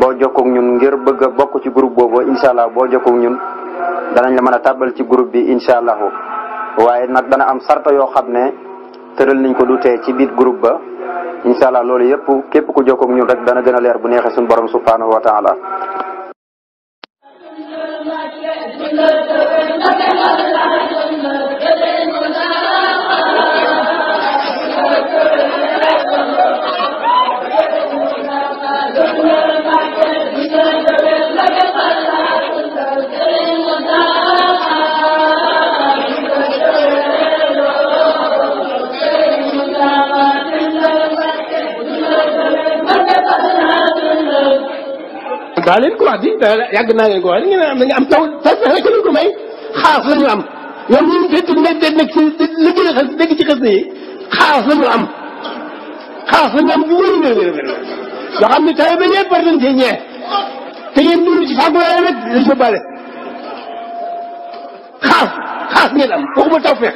boo jokkoog ñun ngir bëgg a bokk ci groupe boobu incha allah boo jokkoog ñun danañ la mën a tàbbal ci groupe bi incha allahu waaye nag dana am sarta yoo xam ne tëral nañ ko du tee ci biir groupe ba incha allah loolu yëpp képp ku jokkoog ñun rek dana gën a leer bu neexee suñu borom subhanahu wa taala daa leen ko wax di da yàgg naa leen ko wax ngeen am da nga am taw taw rek lañ ko may xaas la ñu am ñoom ñun fekk nekk de nekk si li gën a xas dégg ci xas yi xaas la ñu am xaas la ñu am bu wér wér wér yoo xam ne tawee ba ñëpp war nañ cee ñee te ngeen dund ci fàggu yooyu nag dañ ko bale xaas xaas ngeen am waxuma taw feex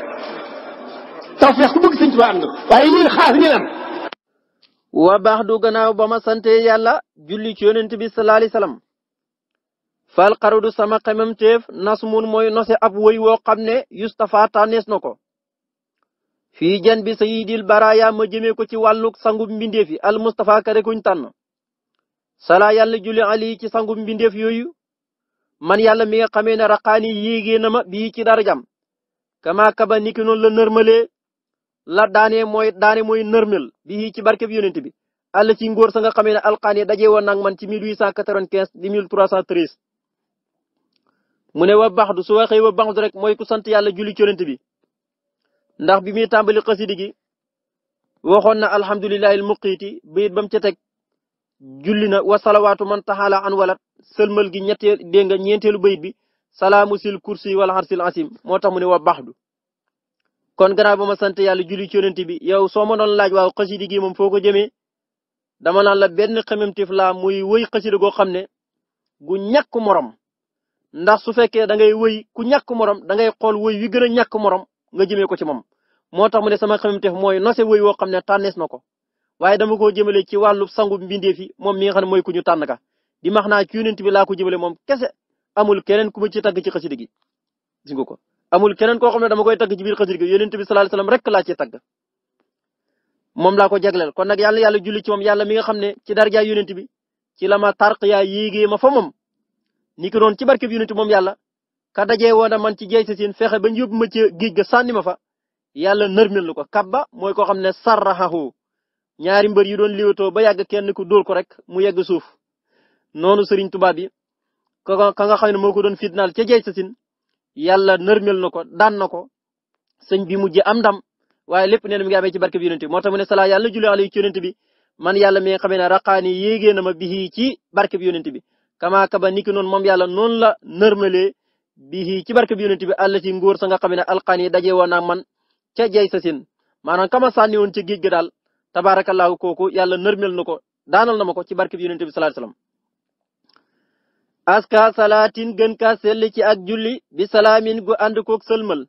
taw feex ku bëgg sëñ Tuubaa am na waaye ñun xaas ngeen am wa baxdu gannaaw ba ma sante yàlla julli ci yonent bi sallallahu alayhi wasallam fal xaradu sama xemam teef nasmun mooy nose ab woy woo xam ne yustafa tànnees na ko fii jan bi sayidil baraya ma jëmee ko ci wàlluk sangum mbindeef yi al mustafa kare kuñ tànn sala yàlla julli ali ci sangum mbindeef yooyu man yàlla mi nga xamee ne raqaani yéegee na ma bii ci darajam kama kaba niki noonu la nërmalee la daane mooy daane mooy nërmel bi ci barkeb yonent bi àll ci ngóor nga xamee ne alqaani daje woon nag man ci 1895 di 1313 mu ne wa baxdu su waxee wa baxdu rek mooy ku sant yàlla juli ci yonent bi ndax bi muy tàmbali xasidi gi waxoon na alhamdulilahi al muqiiti bayit ba mu ca teg julli na wa salawaatu man taxaala an walat sëlmal gi ñetteel dégg nga ñeenteelu bayit bi salaamu sil kursi wala xarsil asim moo tax mu ne wa baxdu kon gannaaw ba ma sant yàlla julli ci bi yow soo ma doon laaj waaw xasida gi moom foo ko jëmee dama naan la benn xememtif laa muy wëy xasida goo xam ne gu ñàkk morom ndax su fekkee da ngay wëy ku ñàkk morom da ngay xool wëy wi gën a ñàkk morom nga jëmee ko ci moom moo tax mu ne sama xememtif mooy nose woy woo xam ne tànnees na ko waaye dama koo jëmale ci wàllu sangu mbinde yi moom mi nga xam ne mooy ku ñu tànn ka di max naa ci yonent bi laa ko jëmale moom kese amul keneen ku ma ci tagg ci xasida gi gis nga ko amul keneen koo xam ne dama koy tagg ci biir xasida gi yonent bi sallallahu rek laa ci tagg moom laa ko jagleel kon nag yàlla yàlla julli ci moom yàlla mi nga xam ne ci darja yonent bi ci la ma tarq yaa yéegee ma fa moom ni ko doon ci barke bi yonent moom yàlla ka daje woon a man ci jeey sa fexe ba ñu ma ci géej ga sànni ma fa yàlla nërmel lu ko kabba mooy koo xam ne sarraxahu ñaari mbër yi doon liwatoo ba yàgg kenn ku dóor ko rek mu yegg suuf noonu sëriñ tubaab bi ka nga xam ne moo ko doon fitnaal ca jeey sa siin yàlla nërmel na ko daan na ko sëñ bi mujj am dam waaye lépp nee na mi ngi amee ci barke bi yonent bi moo tax mu ne salaa yàlla julli alayhi ci yonent bi man yàlla mi nga xamee ne raqaani yéegee na ma bihi ci barke bi yonent bi kama kaba niki noonu moom yàlla noonu la nërmalee bihi ci barke bi yonent bi allati ngóor sa nga xam ne alqaan yi daje woon ak man ca jay sa sin maanaam kama sànni woon ca géej ga daal tabaarakallaahu kooku yàlla nërmel na ko daanal na ma ko ci barke bi bi salaa salaam aska salaatin gën ka sell ci ak julli bi salaamin gu ànd koog sëlmal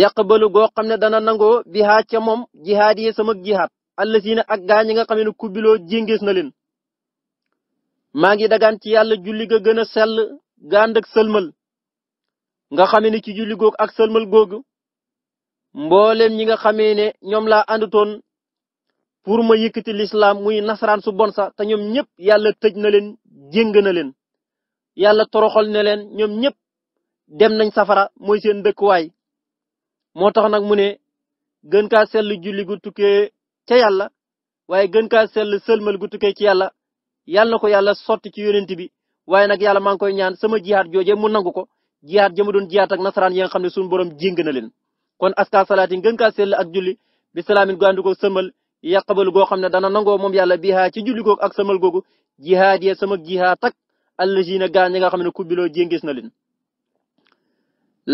yaqbalu goo xam ne dana nangoo bi haa ca moom jihaad yi sama jihaad allasiina ak gaa ñi nga xam ne kubbiloo jéngees na leen maa ngi dagaan ci yàlla julli ga gën a sell ga ànd ak sëlmal nga xamee ne ci julli googu ak sëlmal googu mbooleem ñi nga xamee ne ñoom laa àndutoon pour ma yëkkati lislaam muy nasaraan su bon sa te ñoom ñëpp yàlla tëj na leen jéng na leen yàlla toroxal ne leen ñoom ñëpp dem nañ safara mooy seen dëkkuwaay moo tax nag mu ne gën kaa sell julli gu tukkee ca yàlla waaye gën kaa sell sëlmal gu tukkee ci yàlla yàlla na ko yàlla sotti ci yonent bi waaye nag yàlla maa ngi koy ñaan sama jihaat jooje mu nangu ko jihaat ja ma doon jihaat ak nasaraan yi nga xam ne suñu borom jéng na leen kon aska salaati gën kaa ak juli bi salaamin gu yaqbalu goo xam ne dana nangoo moom yàlla bihaa ci julli googu ak samal googu jihaad ya sama jihaad tak allazina gaañ nga xam ne kubbiloo jéngis na leen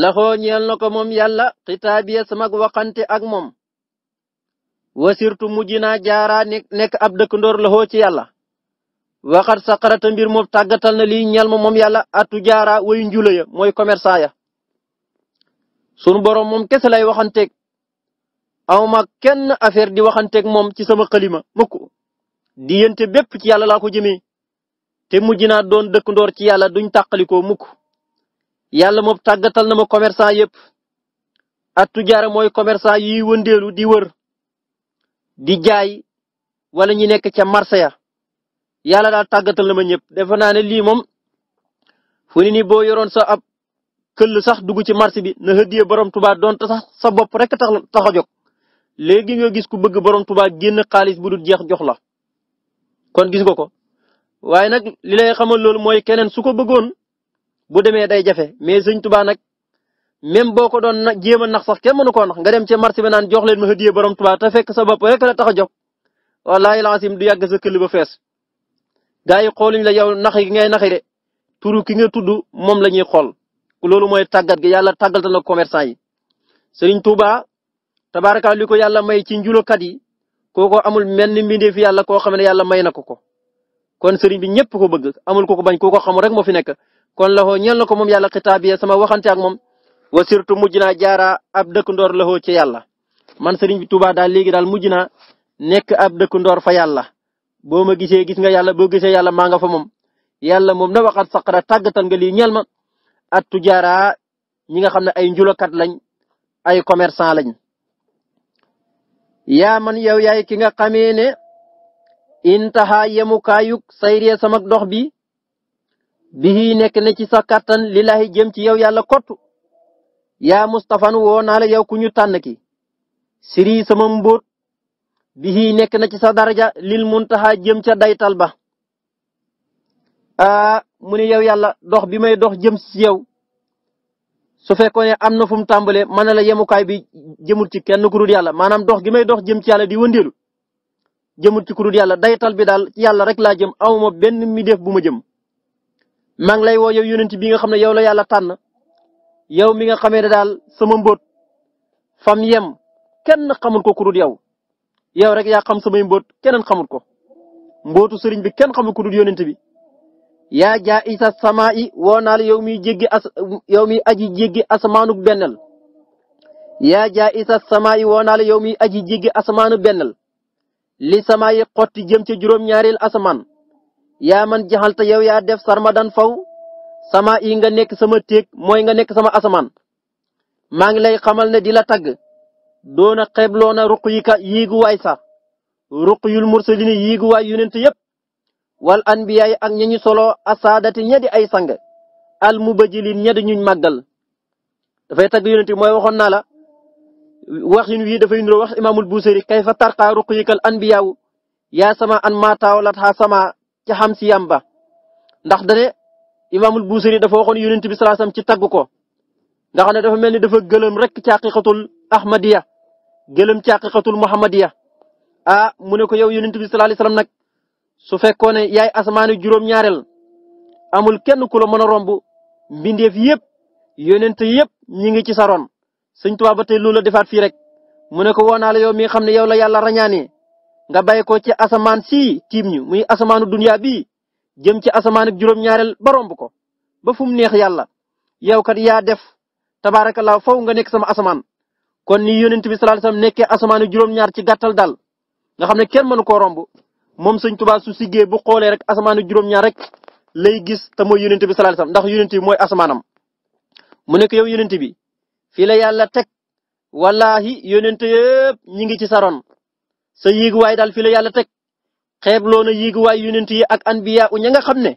laxoo ñeel na ko moom yàlla xitaab ya sama waxante ak moom wasirtu mujj naa jaaraa nekk ab dëkkandoor laxoo ci yàlla waxat saqarata mbir moom tàggatal na lii ñeel ma moom yàlla atu jaara way njula ya mooy commerçant ya sunu borom lay waxanteeg awma kenn affaire di waxanteeg moom ci sama kalima mukk diyante bépp ci yàlla laa ko jëmee te mujj naa doon dëkkandoor ci yàlla duñ tàqalikoo mukk yàlla moom tàggatal na ma commerçant yépp attu jaara mooy commerçant yi wëndeelu di wër di jaay wala ñi nekk ca marché ya yàlla daal tàggatal na ma ñëpp defe naa ne lii moom fu ni ni boo yoroon sa ab këll sax dugg ci marché bi na hëddiye borom Tuubaa doon te sa bopp rek tax tax a jóg léegi nga gis ku bëgg borom Tuubaa génn xaalis bu dul jeex jox la kon gis nga ko waaye nag li lay xamal loolu mooy keneen su ko bëggoon bu demee day jafe mais sëñ Tuubaa nag même boo ko doon nag jéem a nax sax kenn mënu koo nax nga dem ce marché ba naan jox leen ma hëdiyee borom Tuubaa te fekk sa bopp rek la tax a jox wallaahi laasim du yàgg sa këll ba fees. gaa yi xooluñ la yow nax gi ngay naxi de turu ki nga tudd moom la ñuy xool loolu mooy tàggat gi yàlla tàggal na commerçant yi Sëriñ Tuubaa tabaaraka li ko yàlla may ci njulokat yi kooko amul mel ni fi yàlla ko xam ne yàlla may na ko ko kon sëriñ bi ñëpp ko bëgg amul ko ko bañ koo ko xamul rek moo fi nekk kon laxoo ñeel na ko moom yàlla xitaabiya sama waxante ak moom wa surtout mujj naa jaaraa ab dëkk ndoor laxoo ci yàlla man sëriñ bi Tuubaa daal léegi daal mujj naa nekk ab dëkk ndoor fa yàlla boo ma gisee gis nga yàlla boo gisee yàlla maa nga fa moom yàlla moom na waxaat saqara tàggatal nga lii ñeel ma at tu jaaraa nga xam ne ay njulokat lañ ay commerçant lañ yaa man yow yaay ki nga xamee ne intaha yemukaayuk sayree samak dox bi bihi nekk na ci sa kàttan lillahi jëm ci yow yàlla kott yaa mustafan woo naa la yow ku ñu tànn ki siri sama mbóot bihi nekk na ci sa daraja lil muntaha jëm ca daytal ba a mu ne yow yàlla dox bi may dox jëm ci yow su fekkoon ne am na fu mu tàmbalee mën na la yemukaay bi jëmul ci kenn ku yàlla maanaam dox gi may dox jëm ci yàlla di wëndeelu jëmul ci ku dul yàlla daytal bi daal yàlla rek laa jëm awuma benn mi def bu ma jëm maa ngi lay woo yow yonent bi nga xam ne yow la yàlla tànn yow mi nga xamee ne daal sama mbóot fam yem kenn xamul ko ku dul yow yow rek yaa xam samay mbóot keneen xamul ko mbootu sëriñ bi kenn xamul ku dul yonent bi yaa jaa isa samaa i woo naa la yow miy jéggi as aji jéggi asamaanug bennal yaa jaa isa samaa i woo naa la yow miy aji jéggi asamaanu bennal li samaa yi xotti jëm ca juróom-ñaareel asamaan yaa man jaxalta yow yaa def sarmadan faw samaa i nga nekk sama téeg mooy nga nekk sama asamaan maa ngi lay xamal ne di la tagg doona xeebloona ruq yi ka yiiguwaay sax ruq yul mursalini yiiguwaay yonent yépp wal anbiyaay ak ñi ñu solo asaadati ña di ay sang al mu ña di ñuñ màggal dafay tag yonent bi mooy waxoon naa la waxin wii dafay nuroo wax imaamul busiri kayfa tarqa ruqyikal anbiyaaw yaa sama an maataawalat ha sama ci xam si yamba ndax dane imaamul busiri dafa waxoon yonent bi salaasam ci tagg ko nga xam ne dafa mel ni dafa gëlëm rek ci aqiqatul ahmadiya gëlëm ci aqiqatul muhammadiya ah mu ne ko yow yonent bi sallallahu alayhi wasallam nag su fekkoo ne yaay asmaani juróom-ñaareel amul kenn ku la mën a romb mbindeef yëpp yonent yëpp ñi ngi ci sa ron sëñ Tuubaa ba tey loolu la defaat fii rek mu ne ko woo naa la yow mi xam ne yow la yàlla rañaane nga bay ko ci asamaan si tiim ñu muy asamaanu duniya bii jëm ci asamaan ak juróom-ñaareel ba romb ko ba fu mu neex yàlla yow kat yaa def tabaarakallaa faw nga nekk sama asamaan kon ni yonent bi sallallahu alayhi wasallam nekkee asamaanu juróom-ñaar ci gàttal daal nga xam ne kenn mënu koo romb moom sëñ Tuubaa su siggee bu xoolee rek asmaan juróom-ñaar rek lay gis ta mooy yonent bi sallallahu alayhi ndax yonent bi mooy mu nekk yow yonent bi fii la yàlla teg wallahi yonent yëpp ñi ngi ci saroon sa yéeguwaay daal fii la yàlla teg xeebloo na yéeguwaay yonent yi ak anbiya u ña nga xam ne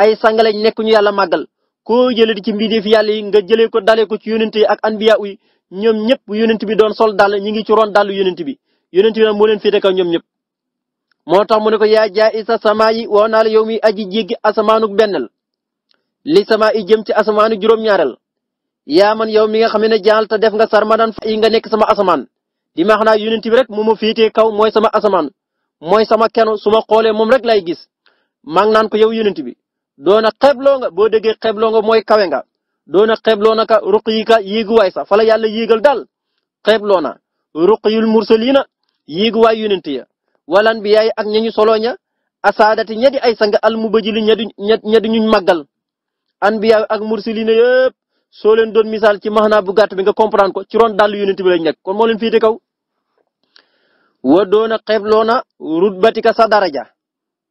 ay sang lañ nekk ñu yàlla màggal ko jëlee di ci mbindeef yàlla yi nga jëlee ko dalee ko ci yonent yi ak anbiya yi ñoom ñëpp yonent bi doon sol dàll ñi ngi ci roon dàllu yonent bi yonent bi nag moo leen féete ñoom ñëpp moo tax mu ne ko yaa jaa sa samaa yi woo naa la yow mi aji jéggi asamaanu bennal li samaa yi jëm ci asamaanu juróom-ñaareel yaa man yow mi nga xam ne jaal te def nga sarmadan fa yi nga nekk sama asamaan di ma xanaa yonent bi rek mu ma féetee kaw mooy sama asamaan mooy sama kenu su ma xoolee moom rek lay gis maa naan ko yow yonent bi doona xebloo nga boo déggee xebloo nga mooy kawe nga doona xebloo na ka ruq yi ka yéeguwaay sax fa la yàlla yéegal daal xebloo na ruq yul mursalina yéeguwaay yonent ya wala anbiyaay ak ña ñu solo ña asaadati ña di ay sang al mubajili ña di ña di ñuñ màggal anbiyaay ak mursalina yëpp soo leen doon misaal ci maxnaa bu gàtt bi nga comprendre ko ci ron dàll yonent bi lañ nekk kon moo leen féete kaw. wa doona xeebloona rutbatika sa daraja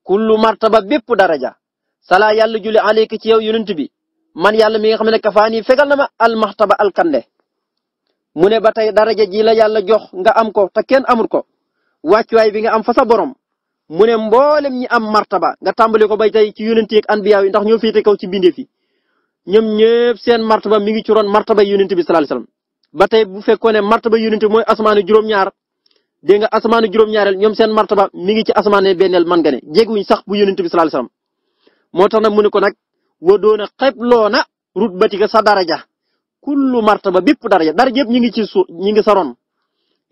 kullu martaba bépp daraja salaa yàlla julli aleyka ci yow yonent bi man yàlla mi nga xam ne kafaani fegal na ma almaxtaba alkande mu ne ba tey daraja ji la yàlla jox nga am ko te kenn amul ko. waay bi nga am fa sa borom mu ne mboolem ñi am martaba nga tàmbali ko bay tey ci yonent yi ak anbiya yi ndax ñoo féete kaw ci bindee fi ñoom ñëpp seen martaba mi ngi ci roon martaba yonent bi sallallahu alayhi wasallam ba tey bu fekkoon ne martaba yonent bi mooy asmaanu juróom-ñaar dégg nga asmaanu juróom-ñaareel ñoom seen martaba mi ngi ci asmaane benneel man nga ne jéeguñ sax bu yonent bi sallallahu alayhi wasallam moo tax nag mu ne ko nag wa doona xebloona rutbatika sa daraja kullu martaba bépp daraja daraja yëpp ñi ngi ci suuf ñi ngi sa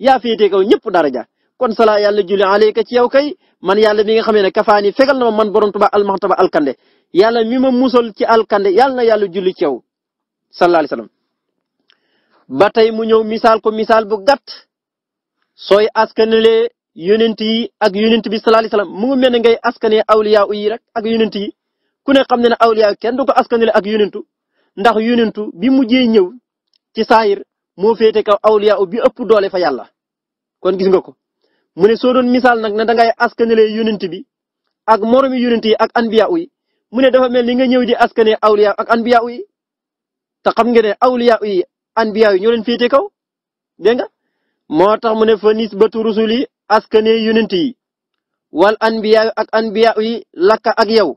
yaa féete kaw ñëpp daraja kon salaa yàlla julli alayka ci yow kay man yàlla bi nga xamee ne kafaani fegal na ma man borom tuba almaxtaba alkande yàlla mi ma musal ci alkande yàlla na yàlla julli ci yow sallallahu alayhi wasallam ba tey mu ñëw misaal ko misaal bu gat soo askanalee yonent yi ak yonent bi sallallahu alayhi wasallam mu ngi mel ne ngay askanee awliya yi rek ak yonent yi ku ne xam na ne awliya kenn du ko askanale ak yonentu ndax yonentu bi mujjee ñëw ci saayir moo féete kaw awliya bi ëpp doole fa yàlla kon gis nga ko mu ne soo doon misaal nag ne dangay askanelee yonent bi ak moromi yonent yi ak anbiya yi mu ne dafa mel ni nga ñëw di askane awliya ak anbiya yi te xam nga ne awliya yi anbiya yi ñoo leen féete kaw dégg moo tax mu ne fa nisbatu rusul yi askane yonent yi wal anbiya ak anbiya yi lakka ak yow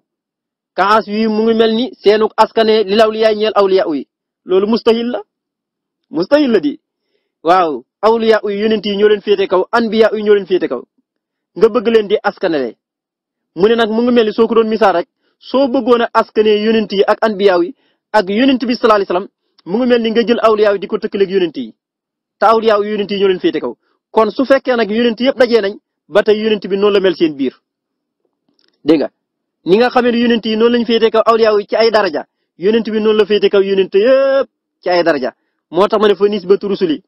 kaas yi mu ngi mel ni seenu askane li lawliya ñeel awliya yi loolu mustahil la mustahil di waaw awliya uy yonent yi ñoo leen féete kaw anbiya uy ñoo leen féete kaw nga bëgg leen di askanale mu ne nag mu ngi mel ni soo ko doon misaal rek soo bëggoon a askanee yonent yi ak anbiya yi ak yonent bi sallallahu alayhi wasallam mu ngi mel ni nga jël awliya yi di ko tëkkaleeg yonent yi te awliya uy yonent yi ñoo leen féete kaw kon su fekkee nag yonent yëpp dajee nañ ba tey yonent bi noonu la mel seen biir dégg nga ni nga xamee ne yonent yi noonu lañ féete kaw awliya yi ci ay daraja yonent bi noonu la féete kaw yonent yëpp ci ay daraja moo tax ma ne fa nisbatu rusuli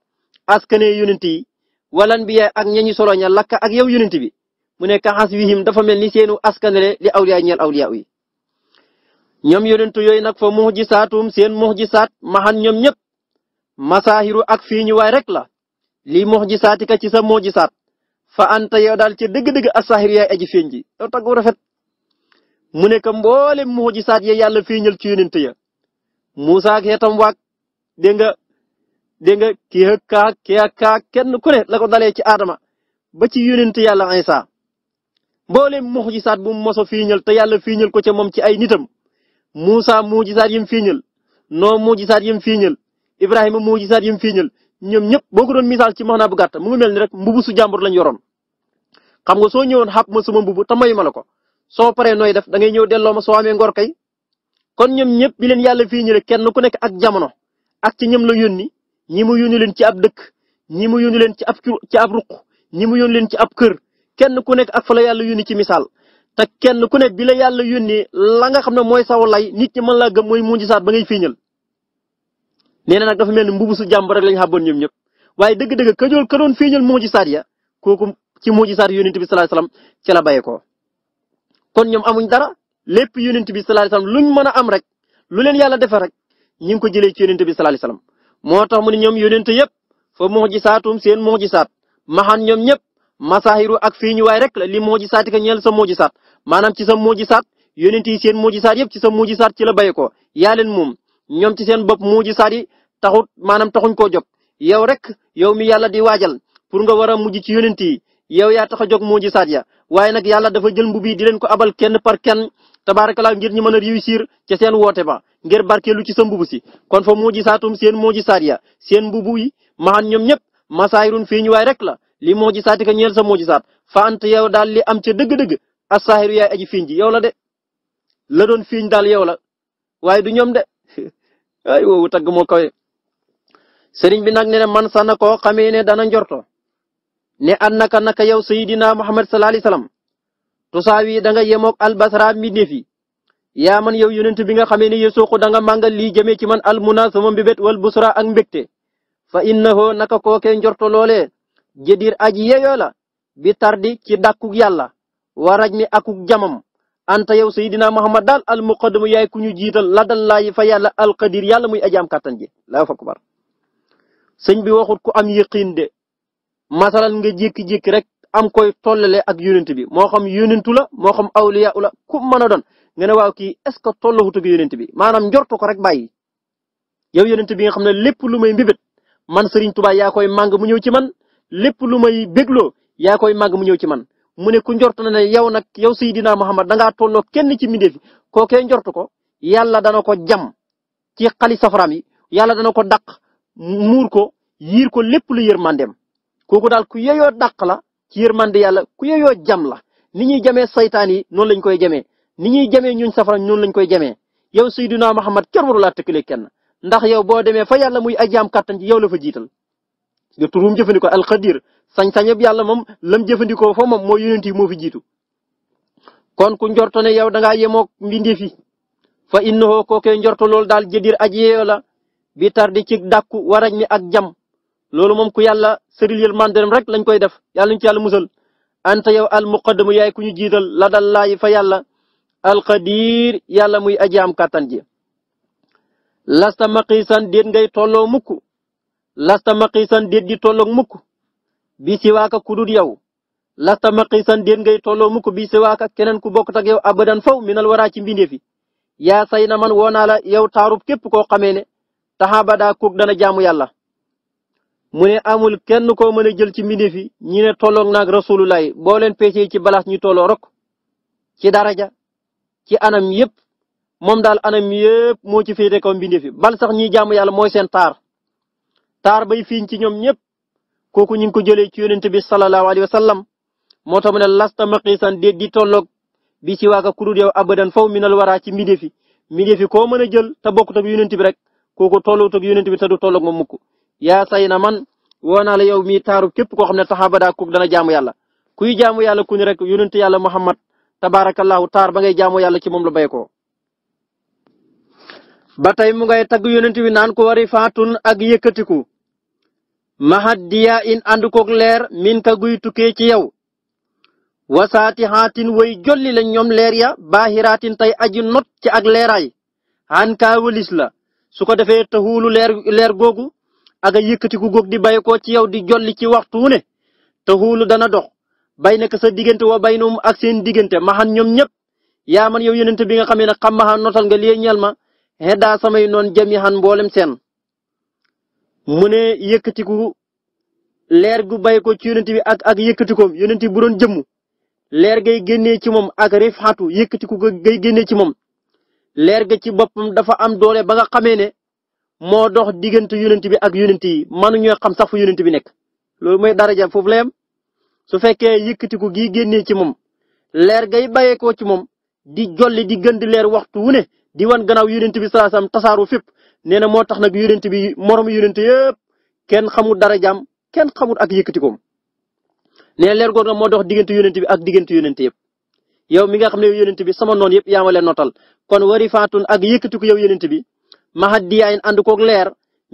askanee yonent yi wala anbiya ak ña ñu solo ña lakka ak yow yonent bi mu ne kaxas wihim dafa mel ni seenu askanale li awliya ñeel awliya yi ñoom yonent yooyu nag fa muxjisaatum seen muxjisaat maxan ñoom ñëpp masaahiru ak fii ñu waay rek la lii muxjisaatika ci sa muxjisaat fa anta yow daal ci dëgg-dëgg asaahir aji feeñ ji yow taggu rafet mu ne ka mboolem muxjisaat ya yàlla feeñal ci yonent ya Muusa ak xeetam waag dégg dégg nga kii kaa kii ak kaa kenn ku ne la ko dalee ci aadama ba ci yonent yàlla Isaa mboolem muxjisaat bu mu mos a fiiñal te yàlla fiiñal ko ca moom ci ay nitam Muusa muxjisaat yim fiiñal Noo muxjisaat yim fiiñal Ibrahima muxjisaat yim fiiñal ñoom ñëpp boo ko doon misaal ci maxnaa bu gàtt mu ngi mel ni rek mbubu su jàmbur lañ yoroon. xam nga soo ñëwoon xàpp ma suma mbubu ta mayu ma la ko soo paree nooy def da ngay ñëw delloo ma soo amee ngor kay kon ñoom ñëpp bi leen yàlla fiiñale kenn ku nekk ak jamono ak ci ñoom la yónni ñi mu yónni leen ci ab dëkk ñi mu yónni leen ci ab ci ab ñi mu leen ci ab kër kenn ku nekk ak fa la yàlla yónni ci misaal te kenn ku ne bi la yàlla yónnee la nga xam ne mooy lay nit ñi mën laa gëm mooy mujisaat ba ngay fiiñal nee na nag dafa mel ni mbubu su jàmb rek lañ xàbboon ñoom ñëpp waaye dëgg-dëgg ka doon ka doon fiiñal mujisaat ya kooku ci mujisaat yónent bi sallallahu alayhi wasallam ci la bàyyi ko kon ñoom amuñ dara lépp yónent bi sallallahu alayhi wasallam luñ mën a am rek lu leen yàlla defee rek ñu ngi ko jëlee ci yónent bi sallallahu alayhi moo tax mu ne ñoom yonent yëpp fa mujisaatum seen saat maxan ñoom ñëpp masaahiru ak fii ñu waay rek la li mujisaati ka ñeel sa mujisaat maanaam ci sa mujisaat yonent yi seen mujisaat yëpp ci sa mujisaat ci la bay ko yaa leen moom ñoom ci seen bopp mujisaat yi taxut maanaam taxuñ koo jog yow rek yow mi yàlla di waajal pour nga war a mujj ci yonent yi yow yaa tax a jóg mujisaat ya waaye nag yàlla dafa jël mbubi di leen ko abal kenn par kenn tabaarakalaa ngir ñu mën a réussir ca seen woote ba ngir barkeelu ci sa mbubu si kon fa mujisaatum seen mujisaat ya seen mbubu yi maxan ñoom ñëpp masaayirun fii ñu waay rek la li mujisaatika ñeel sa mujisaat fa ant yow daal li am ca dëgg-dëgg asaahiru yaay aji fiñ ji yow la de la doon fiñ daal yow la waaye du ñoom de ay woowu tagg moo kawe sëriñ bi nag ne ne man sana koo xamee ne dana jorto ne an naka naka yow sayidina muhammad sallallahu alayhi wasallam tusaawi da nga yemook albasra mi ne fi yaa man yow yonent bi nga xamee ne yesuuqu da nga màngal lii jëmee ci man al muna sama mbibét wal busra ak mbégte fa innahu naka kookee njorto loolee jëdir aji yeyoo bi tardi ci dàkkuk yàlla waraj mi akuk jamam anta yow sayidina muhammad daal al muqaddamu yaay ku ñu jiital la dal laayi fa yàlla alqadir yàlla muy ajaam kàttan ji laa fa kubar sëñ bi waxut ku am yëqiin de masalan nga jékki-jékki rek am koy tollale ak yonent bi moo xam yonentu la moo awliya la ku doon nga ne waaw kii est ce que tolluwut ak yonent bi maanaam njortu ko rek bay yow yonent bi nga xam ne lépp lu may mbibét man Serigne Touba yaa koy màng mu ñëw ci man lépp lu may bégloo yaa koy màng mu ñëw ci man mu ne ku njort na ne yow nag yow Seydina Muhammad da ngaa tolloo kenn ci mbindeef kookee njortu ko yàlla dana ko jam ci xali safaraam yi yàlla dana ko dàq muur ko yiir ko lépp lu yërmandeem kooku daal ku yeyoo dàq la ci yërmande yàlla ku yeyoo jam la ni ñuy jamee saytaan yi noonu lañ koy jamee ni ñuy jamee ñuñ safara ñun lañ koy jamee yow Seydina Muhammad kenn warulaa tëkkale kenn ndax yow boo demee fa yàlla muy ajaam kàttan ji yow la fa jiital nga turum jëfandikoo alxadir sañ-sañab yàlla moom lam jëfandikoo fa moom mooy yonent yi moo fi jiitu kon ku jorto ne yow da ngaa yemook mbindeef yi fa innahu kookee njorto loolu daal jëdir aji yeeyo la bi tardi ci dàkku waraj mi ak jam loolu moom ku yàlla sëril yël mandaram rek lañ koy def yàlla ñu ci yàlla musal anta yow al muqaddamu yaay ku ñu jiital la dal fa yàlla alqadir yàlla muy aji am kàttan ji lasta maqiisan déet ngay tolloo mukk lasta maqiisan déet di tolloog mukk bi si waaka ku dul yow lasta maqiisan déet ngay tolloo mukk bi si waaka keneen ku bokkut ak yow abadan faw minal waraa ci mbindeef yi say na man woo naa la yow taarub képp koo xamee ne taxaaba daa koog dana jaamu yàlla mu ne amul kenn koo mën a jël ci mbindeef yi ñi ne tolloog naag rasulullah boo leen peesee ci balaas ñu tolloo rok ci daraja ci anam yëpp moom daal anam yëpp moo ci féete kaw mbindee fi bal sax ñiy jaamu yàlla mooy seen taar taar bay fiiñ ci ñoom ñëpp kooku ñu ngi ko jëlee ci yonent bi sallallahu alayhi wa sallam moo tax mu ne lasta maqisan déet di tolloog bi ci waaka kurut yow abadan faw minal waraa ci mbindee fi mbindee fi koo mën a jël te bokkut ak yonent bi rek kooku tolluut ak yonent bi ta du tolloog moom mukk yaa say na man woo naa la yow mii taaru képp koo xam ne taxaaba daa kooku dana jaamu yàlla kuy jaamu yàlla tabaarakallaahu taar ba ngay jaamoo yàlla ci moom la bay ko ba tey mu ngay tagg yonent bi naan ko wari faatun ak yëkkatiku mahadiya in ànd koog leer min ka guy tukkee ci yow wasaati xaatin way jolli la ñoom leer ya baahiraatin tey aji not ci ak leeraay xaan wëlis la su ko defee taxuulu leer leer googu ak a yëkkatiku di bay ci yow di jolli ci waxtu wu ne dana dox bay naka sa diggante wa baynum ak seen diggante maxan ñoom ñëpp yaa man yow yonent bi nga xamee ne xam maxan notal nga lii ñeel ma xeddaa samay noon jami xan seen mu ne yëkkatiku leer gu bay ko ci yonent bi ak ak yëkkatikoom yonent bi bu doon jëmm leer gay génnee ci moom ak rifatu yëkkatiku gay génnee ci moom leer ga ci boppam dafa am doole ba nga xamee ne moo dox diggante yonent bi ak yonent yi mënuñoo xam sax fu yonent bi nekk loolu mooy daraja foofu la yem su fekkee yëkkatiku gii génnee ci moom leer gay bàyyeekoo ci moom di jolli di gën leer waxtu wu di wan gannaaw yonent bi sallallahu alayhi wasallam tasaaru fépp nee na moo tax nag yonent bi moromu yonent yëpp kenn xamul dara jaam kenn xamul ak yëkkatikoom nee na leer googu nag moo dox diggante yonent bi ak diggante yonent yëpp yow mi nga xam ne yow bi sama noonu yëpp yaa ma leen notal kon wari faatun ak yëkkatiku yow yonent bi mahad diyaayin ànd koog leer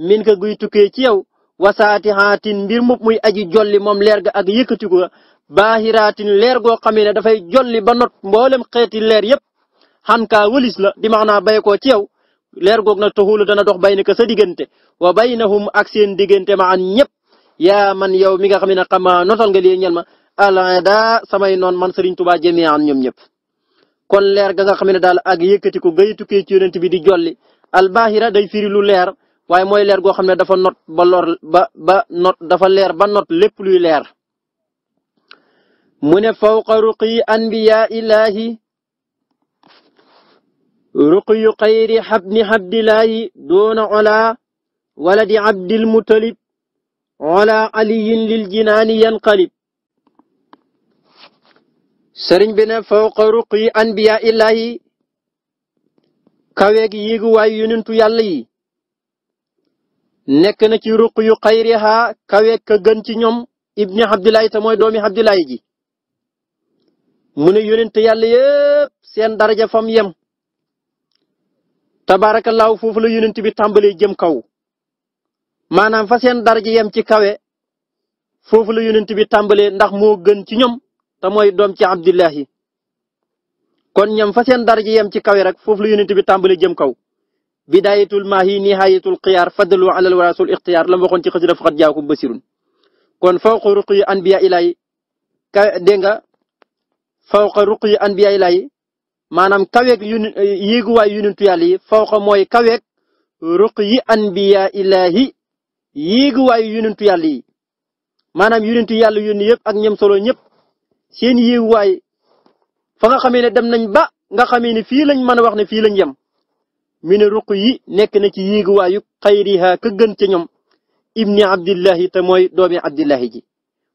min ka guy tukkee ci yow wasaatihaatin mbir mu muy aji jolli moom leer ga ak yëkkatiku ga baahiraatin leer goo xamee ne dafay jolli ba not mboolem xeeti leer yëpp xam kaa wëlis la bi maanaa bay ko ci yow leer goog na taxulu dana dox bay ka sa diggante wa baynahum ak seen diggante ma an ñëpp ya man yow mi nga xam ne xamaa notal nga lii ñel ma alaa daa samay noon man Serigne Touba jëmee an ñoom ñëpp. kon leer ga nga xam ne daal ak yëkkatiku gay tukkee ci yonent bi di jolli albaahira day firi lu leer. waaye mooy leer goo xam ne dafa not ba lor ba not dafa leer ba not lépp luy leer mu ne fawqa ruqyi anbiya ilaahi ruqyu xayri xabni xabdilaahi doona ola waladi abdil mutalib ola aliyin lil jinaani yanqalib sëriñ bi ne fawqa ruqyi anbiya ilaahi kaweeg yéegu waay yonentu yàlla yi nekk na ci ruq yu xayriha kawe ka gën ci ñoom ibni abdillahi te mooy doomi abdillahi ji mu ne yonent yàlla yëpp seen daraja fam yem tabaarakallaahu foofu la yonent bi tàmbalee jëm kaw maanaam fa seen daraja yem ci kawe foofu la yonent bi tàmbalee ndax moo gën ci ñoom te mooy doom ci abdillahi kon ñam fa seen daraja yem ci kawe rek foofu la yonent bi tàmbalee jëm kaw bidayatul maahi nihayatul xiyaar fadlu alal warasul ixtiyaar la ma waxoon ci xasida faqat jaakum basirun kon fawqa ruqyi anbiya ilaay ka dégg nga fawqa ruqyi anbiya ilaay maanaam kaweeg yu yéeguwaay yonentu yàlla yi fawqa mooy kaweeg ruqyi anbiya ilaahi yéeguwaay yonentu yàlla yi maanaam yonentu yàlla yónni yëpp ak ñoom solo ñëpp seen yéeguwaay fa nga xamee ne dem nañ ba nga xamee ne fii lañ mën a wax ne fii lañ yem mine ruq yi nekk na ci yéeguwaayu xayriha ka gën ca ñoom ibni abdillahi te mooy doomi abdillahi ji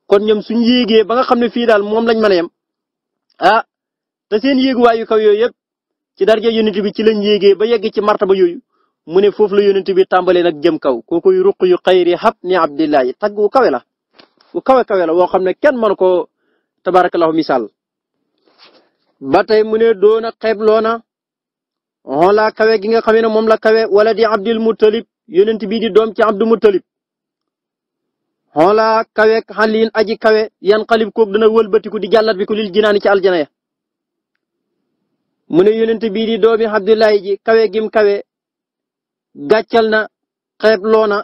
kon ñoom suñ yéegee ba nga xam ne fii daal moom lañ mën a yem ah te seen yéeguwaayu kaw yooyu yëpp ci darja yonent bi ci lañ yéegee ba yegg ci ba yooyu mu ne foofu la yonent bi tàmbalee nag jëm kaw kookuy ruq yu xayri hab ni abdillahi tagg wu kawe la wu kawe kawe la woo xam ne kenn mënu ko tabarakallahu misaal ba tey mu ne doona xeebloona xoolaa kawe gi nga xamee ne moom la kawe wala di Abdul Muttalib yonent bii di doom ci Abdul Muttalib xoolaa kawe xaliin aji kawe yan xalib koog dana wëlbatiku di jàllat bi ko lil jinaani ci aljana ya mu ne yonent bii di doomi Abdullahi ji kawe gim kawe gàccal na xeeb loona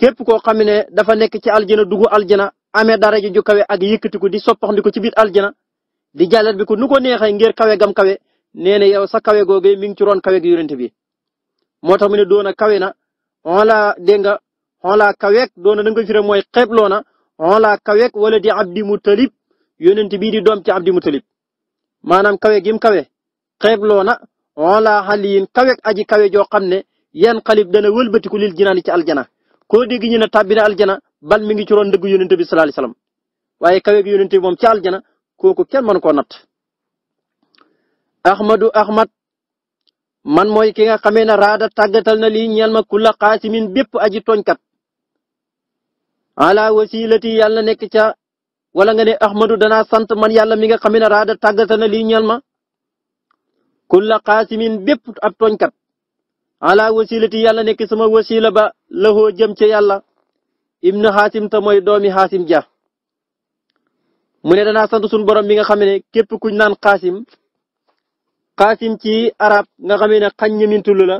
képp koo xam ne dafa nekk ci aljana dugg aljana amee dara ju ju kawe ak di soppax ndi ci biir aljina di jàllat bi ko nu ko neexee ngir kawe gam kawe. nee na yow sa kawe googee mi ngi ci roon kawe gi bi moo tax mu ne doona kawe na on la dégg nga on la doona na nga fi mooy xeebloo na on la kaweeg wala di abdi mutalib yonent bii di doom ci abdi mutalib maanaam kawe gim kawe xeebloo na on la xaliyin kaweeg aji kawe joo xam ne yan xalib dana wëlbatiku lil jinaani ci aljana ko dégg ñu ne tàbbi na aljana bal mi ngi ci roon dëgg yonent bi sallallahu alayhi wasallam waaye kawe gi moom ci aljana kooku kenn mën koo natt. ahmadu ahmad man mooy ki nga xamee ne raada tàggatal na lii ñeel ma kulla xaasimin bépp aji tooñkat ala wasilati yàlla nekk ca wala nga ne ahmadu danaa sant man yàlla mi nga xamee ne raada na lii ñeel ma kulla xaasimin bépp ab tooñkat ala wasilati yàlla nekk sama wasila ba lahoo jëm ca yàlla ibnu xaasim ta mooy doomi xaasim ja mu ne danaa sant suñu borom mi nga xam ne képp kuñ naan xaasim xaasin ci arab nga xamee ne xañ ñamintulu la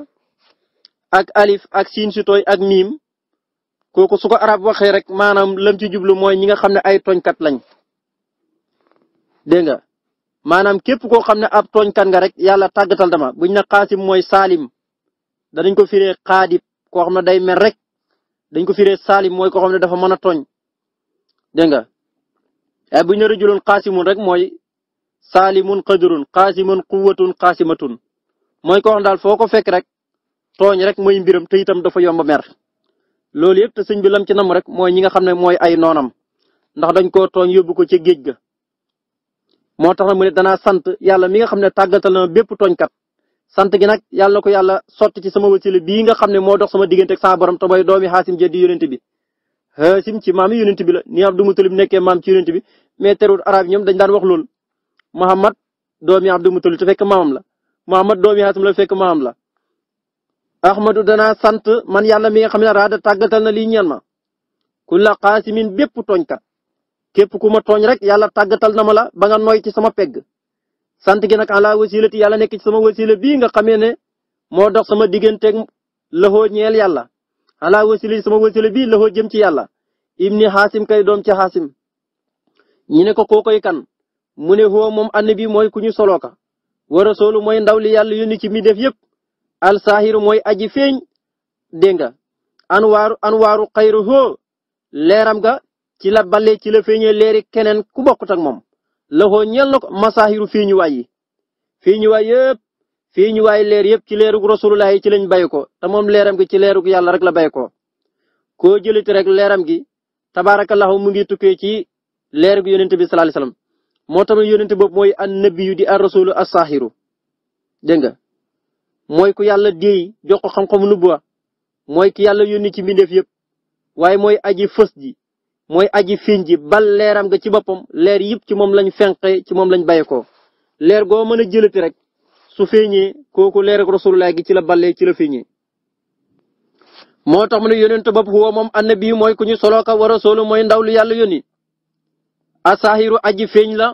ak alif ak siin su tooy ak miim kooku su ko arab waxee rek maanaam lam ci jublu mooy ñi nga xam ne ay tooñkat lañ dégg nga maanaam képp koo xam ne ab tooñkat nga rek yàlla tàggatal dama buñ ne xaasim mooy saalim danañ ko firee xaadib koo xam ne day mer rek dañ ko fire salim mooy ko xam ne dafa mën a tooñ dégg nga waaye eh, buñ ne rajuloon xaasimun rek mooy saalimun qadirun qaasimun quwwatun qaasimatun mooy ko wax daal foo ko fekk rek tooñ rek mooy mbiram te itam dafa yomb mer loolu yëpp te sëñ bi lam ci nam rek mooy ñi nga xam ne mooy ay noonam ndax dañ koo tooñ yóbbu ko ci géej ga moo tax na mu ne danaa sant yàlla mi nga xam ne tàggatal na bépp tooñkat sant gi nag yàlla ko yàlla sotti ci sama wasila bii nga xam ne moo dox sama diggante ak saa borom te mooy doomi xaasim ja di yonent bi xaasim ci maami yonent bi la ni ñoom dañ daan wax loolu Muhammad doomi Abdul Mutalib te fekk maamam la Muhammad doomi Haasim la fekk maamam la Ahmadu danaa sant man yàlla mi nga xam ne raada tàggatal na lii ñeen ma ku kulla qaasimin bépp tooñkat képp ku ma tooñ rek yàlla tàggatal na ma la ba nga nooy ci sama pegg sant gi nag ala wasilati yàlla nekk ci sama wasila bii nga xamee ne moo dox sama digganteeg laxoo ñeel yàlla ala wasilati sama wasila bii laxoo jëm ci yàlla ibni xaasim kay doom ci xaasim ñi ne ko kookoy kan mu ne huwa moom annabi mooy ku ñu soloo ka wa rasulu mooy ndaw li yàlla yónni ci mi def yëpp al saahiru mooy aji feeñ dégg nga anwaaru anwaaru xayru hoo leeram ga ci la balee ci la feeñee leeri keneen ku bokkut ak moom la hoo ñel na ko masaahiru feeñuwaay yi feeñuwaay yëpp feeñuwaay leer yëpp ci leerug rasulullah yi ci lañ bay ko te moom leeram gi ci leerug yàlla rek la bay ko koo jëlite rek leeram gi tabaarakallahu mu ngi tukkee ci leerug yonent bi sallallahu alayhi wasallam moo tax yonente boobu moy an nabiyu di ar rasulu as saaxiru dégg nga mooy ku yàlla déey jox ko xam-xamu nubuwa mooy ki yàlla yónni ci mbindeef yëpp waaye mooy aji fës ji mooy aji fiñ ji bal leeram nga ci boppam leer yëpp ci moom lañ fenqee ci moom lañ bàyyeekoo leer goo mën a jëlati rek su feeñee kooku leer ak rasulullah ci la ballee ci la feeñee. moo tax mu ne yónneent bopp huwa moom annabi mooy ku ñu solo ka war a mooy ndaw lu yàlla yónni asaahiru aji feeñ la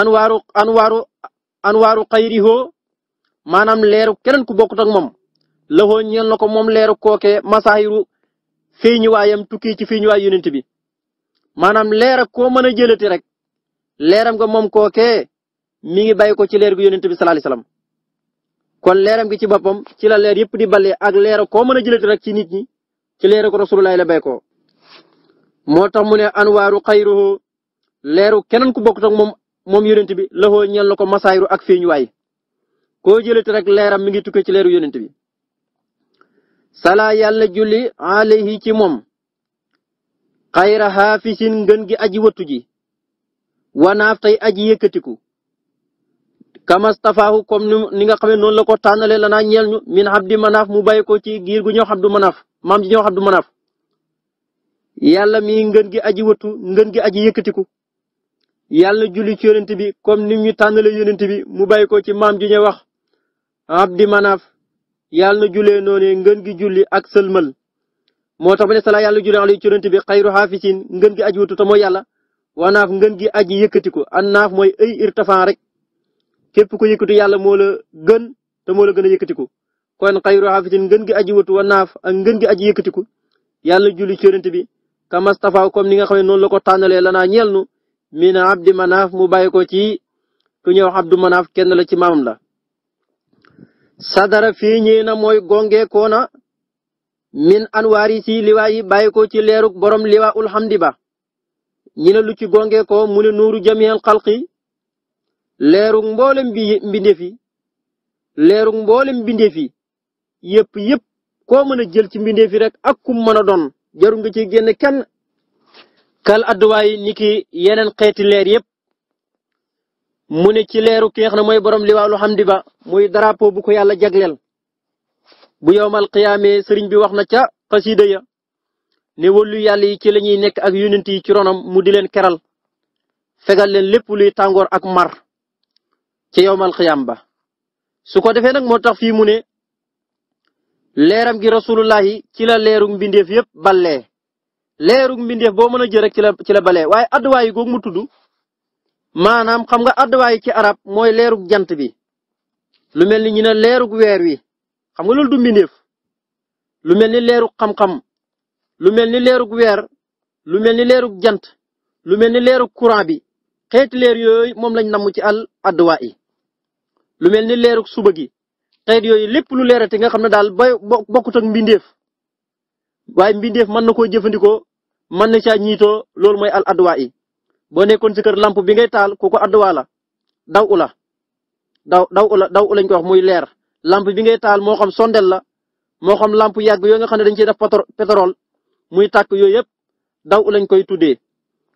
anwaaru anwaaru anwaaru xayri hoo maanaam leeru keneen ku bokkut ak moom laxoo ñeel na ko moom leeru kookee masaahiru feeñuwaayam tukki ci feeñuwaay yonent bi maanaam leer koo mën a jëlati rek leeram nga moom kookee mi ngi bàyyi ko ci leer gu yonent bi sallallahu alayhi wasallam kon leeram gi ci boppam ci la leer yëpp di balee ak leer koo mën a jëlati rek ci nit ñi ci leer ko rasulullahi la bay ko moo tax mu ne anwaaru xayruhu leeru keneen ku bokkut ak moom moom yonent bi laxoo ñeel ko masayru ak feeñuwaay koo jëlati rek leeram mi ngi tukkee ci leeru yonent bi salaa yàlla julli alayhi ci moom xayra xaafisin ngën gi aji wattu ji wanaaf tey aji yëkkatiku kamastafaahu comme ni nga xam ne noonu la ko tànnale lanaa ñeel ñu min abdi manaaf mu bàyyi ko ci giir gu ñoo xam du manaaf maam ji ñoo xam du yàlla mi ngën gi aji wëttu ngën gi aji yëkkatiku yàlla julli ci yonent bi comme ni ñu tànnale yonent bi mu bàyyi ko ci maam ju ñu wax abdi manaaf yalla na jullee noonee ngën gi julli ak sëlmal moo tax ba ne salaa yàlla julli alayhi ci yonent bi xayru xaafisin ngën gi aji wëttu te mooy yàlla wanaaf ngën gi aji yëkkatiku an naaf mooy ay irtafan rek képp ku yëkkatu yàlla moo la gën te moo la gën a yëkkatiku kon xayru xaafisin ngën gi aji wëttu wanaaf ak ngën gi aji yëkkatiku yàlla julli ci bi kama stafa comme ni nga xam ne noonu la ko tànnalee lanaa ñeel nu min abdi manaaf mu bàyyi ci ku ñëw abdu manaaf kenn la ci maamam la sadara fi ñii na mooy gonge koona min anwaari si liwaa yi bàyyi ci leeruk borom liwaa ul hamdi ba ñi ne lu ci gonge ko mu ne nuuru jamiyal xalqi leeruk mboolem bi mbindefi leeruk mboolem mbindefi yëpp yëpp koo mën a jël ci mbindefi rek ak kum mën a doon jarul nga ci génne kenn kal adduwaay ni ki yeneen xeeti leer yëpp mu ne ci leeru ki nga xam ne mooy borom liwaalu xam di ba muy drapeau bu ko yàlla jagleel bu yowmal qiyaamee sëriñ bi wax na ca xasiida ya ne wëllu yàlla yi ci la ñuy nekk ak yonent yi ci ronam mu di leen keral fegal leen lépp luy tàngoor ak mar ci yowmal qiyaam ba su ko defee tax fii mu leeram gi rasulullahi ci la leerug mbindeef yëpp balee leerug mbindeef boo mën a jël rek ci la ci la balee waaye adduwaay googu mu tudd maanaam xam nga adduwaay ci arab mooy leerug jant bi lu mel ni ñu ne leerug weer wi xam nga loolu du mbindeef lu mel ni leerug xam-xam lu mel ni leerug weer lu mel ni leerug jant lu mel ni leerug courant bi xeet leer yooyu moom lañ namm ci al yi lu mel ni leerug suba gi xeet yooyu lépp lu leerati nga xam ne daal ba bokkut ak mbindeef waaye mbindeef mën na ko jëfandikoo mën na caa ñiitoo loolu mooy al adwa yi boo nekkoon si kër lamp bi ngay taal kooku adwa la daw u la daw daw u la daw u lañ ko wax muy leer lamp bi ngay taal moo xam sondel la moo xam lamp yàgg yoo nga xam ne dañ ciy def pétrole muy tàkk yooyu yëpp daw u lañ koy tuddee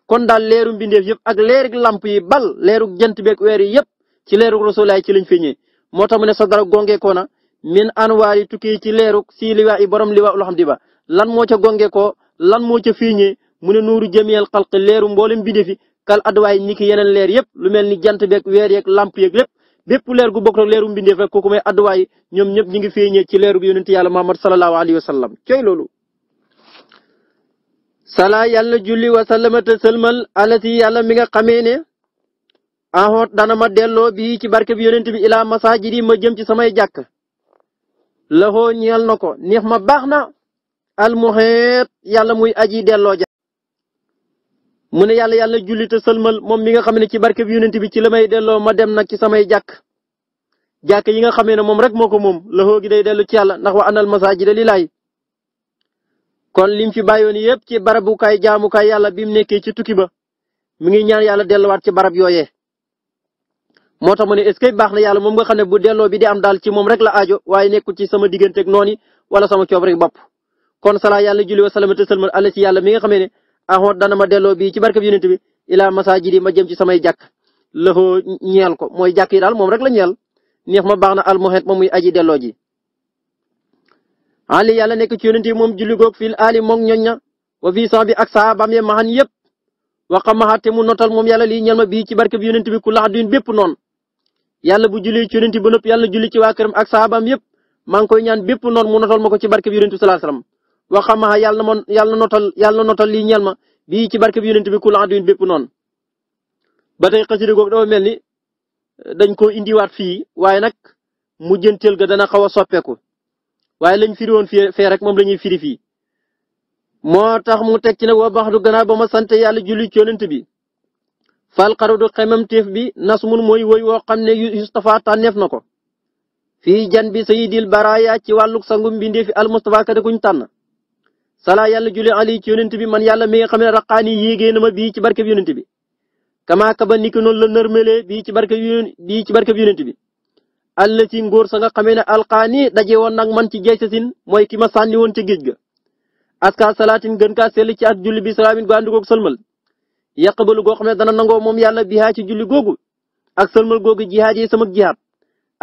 kon daal leeru mbindeef yëpp ak leeru làmp yi bal leeru jant beeg weer yi yëpp ci leeru ci lañ feeñee moo tax mu ne sa dara gongeekoo na min anwaari tukkee ci leeruk sii liwaa yi borom liwaa loo xam lan moo ca lan moo ca fiiñee mu jamiyel xalq leeru mboolem bi defi kal adwaay ñi ki yeneen leer yëpp lu mel ni jant beeg weer yeeg lamp yeeg lépp bépp leer gu bokk rek leeru mbindeef rek kooku may adduwaay ñoom ñëpp ñu ngi feeñee ci leeru yonent yàlla Muhammad sallallahu alayhi wa sallam loolu. salaa yàlla julli wa sallama te sëlmal yàlla mi nga xamee ahoot dana ma delloo bi ci barke bi yonent bi ilaa masaajidi ma jëm ci samay jàkk laxoo ñeel na ko neex ma baax na almuheet yàlla muy aji delloo ja mu ne yàlla yàlla julli te sëlmal moom mi nga xam ne ci barke bi yonent bi ci la may dello ma dem nag ci samay jàkk jàkk yi nga xamee ne moom rek moo ko moom laxoo gi day dellu ci yàlla ndax wa anal masaajida lillaay kon lim fi bàyyoon yépp ci barabukaay jaamukaay yàlla bi mu nekkee ci tukki ba mi ngi ñaan yàlla delluwaat ci barab yooyee moo tax ma ne est-ce que baax na yàlla moom nga xam ne bu delloo bi di am daal ci moom rek la aajo waaye nekkul ci sama digganteeg noonu wala sama coob rek bopp kon salaa yàlla julli wa salaam te sëlmal ala ci yàlla mi nga xamee ne axoon dana ma delloo bii ci barkab yonent bi ilaa masaajidi ma jëm ci samay jàkk ko mooy jàkk yi daal moom rek la ñeel neex ma baax na almuhet ma muy aji delloo ji ali yàlla nekk ci yonent yi moom julli goog fil ali moog ñoñ ña wa fii sax bi ak saa bam ye maxan yëpp waxa mu notal moom yàlla lii ñeel ma bii ci barkab yonent yàlla bu jullee ci yonent bi ba noppi yàlla julli ci waa këram ak saabaam yëpp maa ngi koy ñaan bépp noon mu notal ma ko ci barke bi yonent bi sallallahu alayhi wasallam wa xamaha yàlla na ma yàlla notal lii ñeel ma bii ci barke bi yonent bi ku la àdduin bépp noonu ba tey xasida googu dafa mel ni eh, dañ koo indiwaat fii waaye nag mujjanteel ga dana xaw a soppeeku waaye lañ firi woon fi rek moom la ñuy firi moo tax mu teg ci nag wa baxdu gannaaw ba ma sant yàlla julli ci yonent bi fal xaradu xemam téef bi nasmun mooy woy woo xam ne Yustafa tànneef na ko. fii jan bi sayidil baraya ci wàllug sangum mbindee fi al Mustafa kada kuñ tànn. salaa yàlla julli ali ci yonent bi man yàlla mi nga xam ne raqaani yéegee na ma bii ci barkeb yonent bi. kamaa kaba niki noonu la nërmale bii ci barkeb yonent bii ci barkeb bi. àll ci ngóor sa nga xamee ne alqaani daje woon nag man ci jaysasin mooy ki ma sànni woon ci géej ga. aska salaatin gën kaa sell ci at julli bi salaamin gu ànd yaqbalu goo xam ne dana nangoo moom yàlla bihaa ci julli googu ak sëlmal googu jihaad yi sama jihaad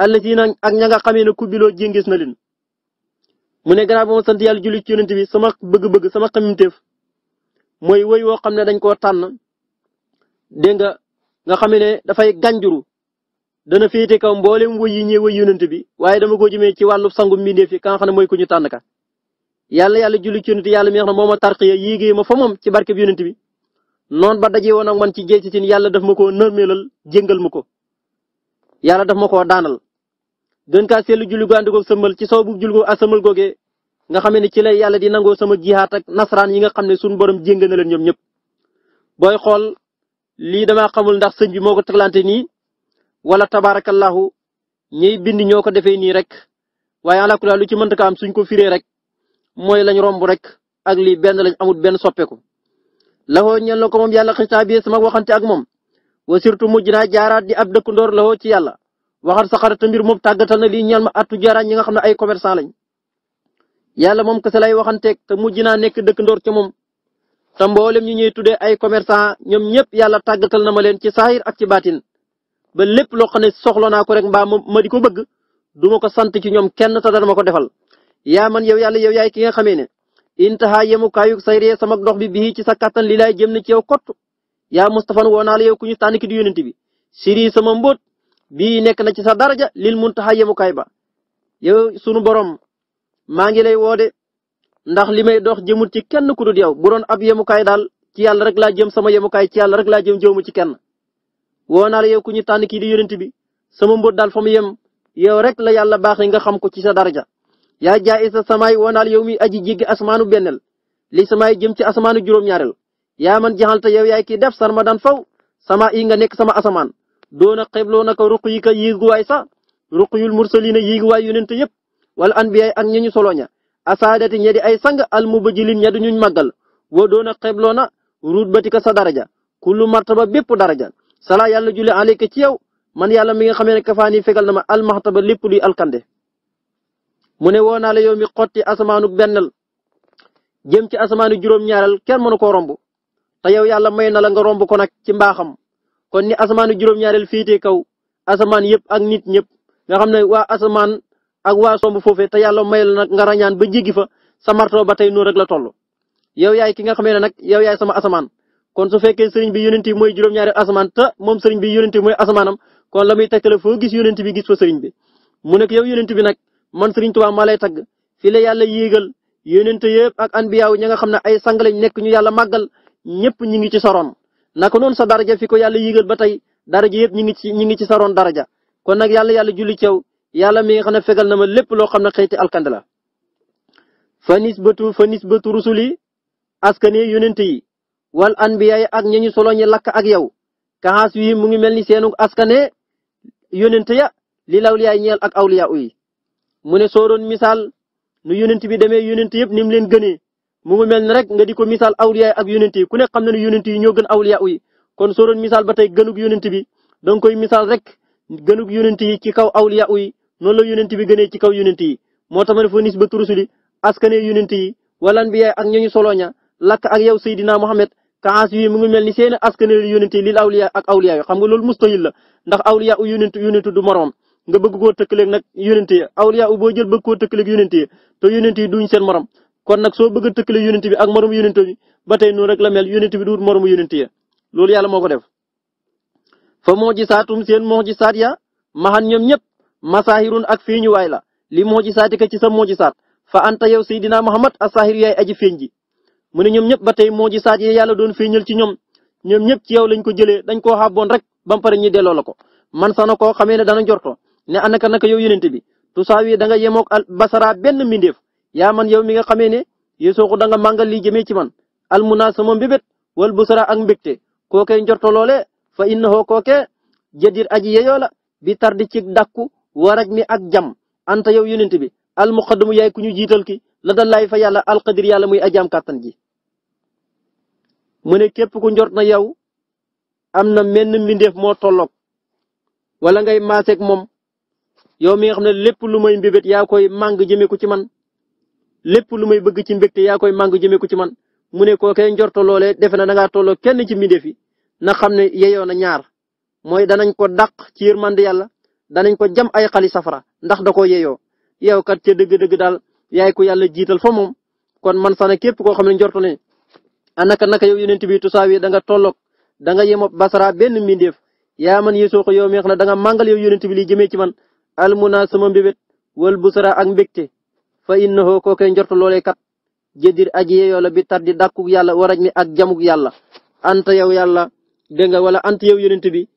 allatina ak ña nga xamee ne kubiloo jéngis na leen mu ne gannaaw ba ma sant yàlla julli ci yonent bi sama bëgg-bëgg sama xamimteef mooy woy woo xam ne dañ koo tànn dégg nga nga xam ne dafay gànjuru dana féete kaw mboolem woy yi ñëw woy yonent bi waaye dama ko jëmee ci wàllu sangu mbindeef yi ka nga xam ne mooy ku ñu tànn ka yàlla yàlla julli ci yonent yàlla mi wax na moo ma tarqiya yéegee ma moom ci barkeb yonent bi noonu ba daje woon ak man ci géej ci yàlla daf ma koo nërmeelal jëngal ma ko yala daf ma ko daanal. gën kaa seetlu julli gu ànd ko sëmbal ci saw bu julli a asëmbal goge nga xam ne ci lay yàlla di nangoo sama jihaat ak nasaraan yi nga xam ne suñu borom jéng na leen ñoom ñëpp. xool lii dama xamul ndax sëñ bi moo ko teglante nii wala tabaarakallaahu ñiy bind ñoo ko defee nii rek waaye alaakulaa lu ci mënta ka am suñ ko firee rek mooy lañ romb rek ak lii benn lañ amut benn soppeeku. laxoo ñel na ko moom yàlla xis naa bi sama waxante ak moom wa surtout mujj naa jaaraat di ab dëkkandoor laxoo ci yàlla waxat saxara te mbir moom tàggatal na lii ñeel ma attu jaaraat ñi nga xam ne ay commerçant lañ yàlla moom kese waxante waxanteeg te mujj naa nekk dëkkandoor ca moom te mboolem ñi ñuy tuddee ay commerçant ñoom ñëpp yàlla tàggatal na ma leen ci saahir ak ci baatin ba lépp loo xam ne soxla naa ko rek mbaa ma di ko bëgg du ma ko sant ci ñoom kenn te dana ma ko defal yaa man yow yàlla yow yaay ki nga xamee ne intaha yemukaayu sayre sama dox bi bii ci sa kattan li laay jëm na ci yow kot yaa mustafan woo naa la yow ku ñu tànn ki di yónent bi siri sama mbóot bi nekk na ci sa daraja lil muntaha yemukaay ba yow sunu borom maa ngi lay woode ndax li may dox jëmul ci kenn ku dul yow bu doon ab yemukaay daal ci yàlla rek laa jëm sama yemukaay ci yàlla rek laa jëm jëmu ci kenn woo naa la yow ku ñu tànn kii di yónent bi sama mbóot daal fa yem yow rek la yàlla baaxee nga xam ko ci sa daraja yaa jaay sa samaay woonaal yow mi aji jéggi asmaanu bennel li samaay jëm ci asmaanu juróom-ñaareel yaa man jaxal te yow yaay kii def sarma daan faw sama yi nga nekk sama asamaan doona xebloo na ko ruq yi ka yéeguwaay sax ruq yul mursalina yéeguwaay yonente yëpp wala anbiyaay ak ña ñu solo ña asaadati ña di ay sang al mubajilin ña du ñu màggal woo doona xebloo na ruut bati ka sa daraja kullu martaba bépp daraja salaa yàlla julli alayka ci yow man yàlla mi nga xamee ne kafaani fegal na ma almaxtaba lépp luy alkande mu ne woo naa la yow mi xotti asamaanu bennal jëm ci asamaanu juróom-ñaareel kenn mënu koo romb te yow yàlla may na la nga romb ko nag ci mbaaxam kon ni asamaanu juróom-ñaareel féetee kaw asamaan yëpp ak nit ñëpp nga xam ne waa asamaan ak waa somb foofee te yàlla may la nag nga rañaan ba jéggi fa sa ba tey noonu rek la toll. yow yaay ki nga xamee ne nag yow yaay sama asamaan kon su fekkee sëriñ bi yonent yi mooy juróom-ñaareel asamaan te moom sëriñ bi yonent yi mooy asamaanam kon la muy tegtale foo gis yonent bi gis fa bi mu nekk yow yonent bi nag man Sëriñ Tuubaa maa lay tagg fii la yàlla yéegal yónente yëpp ak anbiyaaw ña nga xam ne ay sang lañ nekk ñu yàlla màggal ñëpp ñi ngi ci soroon naka noonu sa daraja fi ko yàlla yéegal ba tey daraja yëpp ñi ngi ci ñi ngi ci soroon daraja kon nag yàlla yàlla julli ci yow yàlla mi nga xam ne fegal na ma lépp loo xam ne xëyti alkande la fa nisbatu fa nisbatu rusuli askane yónente yi wal anbiyaay ak ñañu solo ñi lakk ak yow kaxaas wi mu ngi mel ni seenu askane yónente ya li lawliyaay ñeel ak awliyaa yi mu ne soo doon misaal nu yonent bi demee yonent yëpp ni mu leen gënee mu ngi mel ni rek nga di ko misaal awliya ak yonent yi ku ne xam na ne yonent yi ñoo gën awliya yi kon soo doon misaal ba tey gënug yonent bi danga koy misaal rek gënug yi ci kaw awliya yi noonu la yonent bi gënee ci kaw yonent yi moo tax ma ne fa nis ba turusuli askanee yonent yi wala anbiya ak ñooñu solooña lakk ak yow Seydina Mohamed kaas yi mu ngi mel ni seen askaneel yonent yi lil awliya ak awliya yi xam nga loolu la ndax awliya u yonent yonent du moroom nga bëgg koo tëkkaleeg nag yonent yi awliya boo jël bëgg koo tëkkaleeg yonent yi te yonent uñ seen morom kon nag soo bëgg a tëkkaleeg yonent morom ak moromu yonent bi ba tey noonu rek la mel yonent bi duut moromu yonent yi yàlla moo ko def fa moo ci saatum seen moo ci saat ya maxan ñoom ñëpp masaahirun ak feeñu waay la li moo ci saati ka ci sa moo ci saat fa anta yow Seydina Muhammad asahir yaay aji feeñ ji mu ne ñoom ñëpp ba tey moo ji saat yi yàlla doon feeñal ci ñoom ñoom ñëpp ci yow lañ ko jëlee dañ koo xàbboon rek ba mu pare ñi delloo la ko man sax na koo xamee ne dana jorto ne anaka naka yow yonent bi tusaawi da nga yemoog benn mbindeef yaa man yow mi nga xamee ne yesooku da nga màngal li jëmee ci man al munaa sama mbébét wal busara ak mbégte kookee njorto loole fa innahoo kookee jadir aji yeyoo bi tardi ci dàkku waraj mi ak jam anta yow yonent bi al muqaddamu yaay ku ñu jiital ki la dal laay fa yàlla alqadir muy ajaam kàttan ji mu ne képp ku njort na yow am na menn mbindeef moo tolloog wala ngay maaseeg moom yow mi nga xam ne lépp lu may mbébét yaa koy màng jëmee ko ci man lépp lu may bëgg ci mbégte yaa koy màng jëmee ko ci man mu ne koo kee njorto loolee defe na da ngaa tolloo kenn ci mbindeef yi na xam ne yeyoo na ñaar mooy danañ ko dàq ci man de yàlla danañ ko jam ay xali safara ndax da yeyo yeyoo yow kat ca dëgg-dëgg daal yaay ku yàlla jiital fa moom kon man fana képp koo xam ne njorto ne anaka ah, naka yow yonent bi tusaawi da nga tolloog da nga yemob basara benn mbindeef yaa man yéesoo ko yow mi nga xam ne da nga màngal yow bi li jëmee ci man almuna sama mbébét wal busara ak mbégte fa innahu koo koy njortu loolee kat jëdir aji yeyoo la bi tar di dàkkug yàlla waraj mi ak jamug yàlla anta yow yàlla dégg nga wala anta yow yonent bi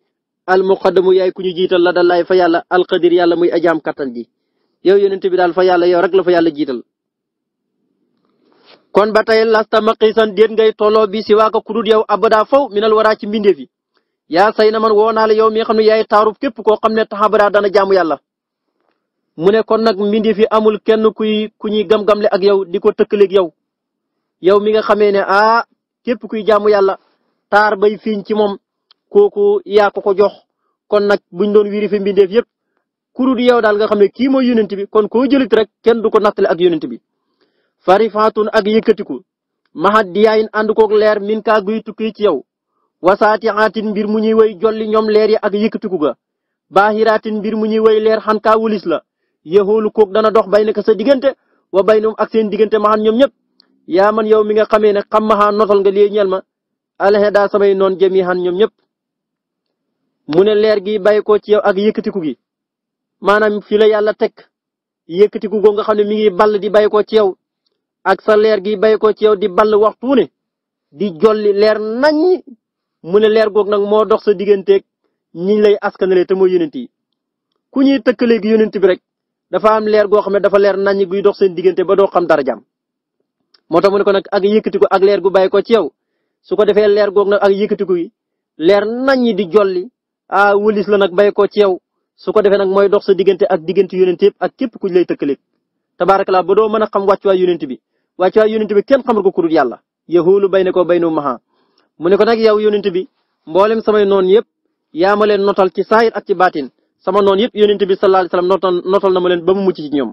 almuqaddamu yaay ku ñu jiital la dalaay fa yàlla alqadir yàlla muy ajaam kattan ji yow yonent bi daal fa yàlla yow rek la fa yàlla jiital kon ba tey lasta maqisan déet ngay tolloo bi si waaka kudut yow abada faw minal waraa ci mbindeef yi say na man woo naa la yow mi xam ne yaay taarub ne taxabara dana mu ne kon nag mbindi fi amul kenn kuy ku ñuy gam-gamle ak yow di ko tëkkaleeg yow yow mi nga xamee ne ah képp kuy jaamu yàlla taar bay fiiñ ci moom kooku yaa ko ko jox kon nag buñ doon wiri fi mbindeef yëpp kurud yow daal nga xam ne kii mooy yonent bi kon koo jëlit rek kenn du ko nattale ak yonent bi farifaatun ak yëkkatiku mahat diyaayin ànd koog leer min kaa guy tukki ci yow wasaati aatin mbir mu ñuy way jolli ñoom leer yi ak yëkkatiku ga baahiraatin mbir mu ñuy way leer xan kaa la yexoolu koog dana dox bay naka sa diggante wa bay noom ak seen diggante maxan ñoom ñëpp yaa man yow mi nga xamee ne xam maxaa notal nga lii ñel ma alaxe daa samay noon jëmi xan ñoom ñëpp mu ne leer gi bàyyi ci yow ak yëkkatiku gi maanaam fi la yàlla teg yëkkatiku goo nga xam ne mi ngi ball di bàyyi ci yow ak sa leer gi bàyyi ci yow di ball waxtu ne di jolli leer naññ mu ne leer goog nag moo dox sa digganteeg ñi lay askanalee te mooy yonent yi ku ñuy tëkkaleegi yonent bi rek dafa am leer goo xam ne dafa leer naññ guy dox seen ba doo xam dara jam moo tax mu ne ko nag ak yëkkati ko ak leer gu bàyyi ko ci yow su ko defee leer goog nag ak yëkkati ko yi leer naññ di jolli ah wëlis la nag bàyyi ko ci yow su ko defee nag mooy dox sa diggante ak diggante yonent yëpp ak képp ku lay tëkkaleeg tabaarakallaa ba doo mën a xam wàccuwaay yonent bi wàccuwaay yonent bi kenn xamul ko ku dul yàlla yahuulu bay ne ko bay nu maha mu ne ko nag yow yonent bi mboolem samay noon yëpp yaa ma leen notal ci saahir ak ci baatin sama noonu yëpp yonent bi sallallahu alayhi wa sallam nootal na ma leen ba mu mucc ci ñoom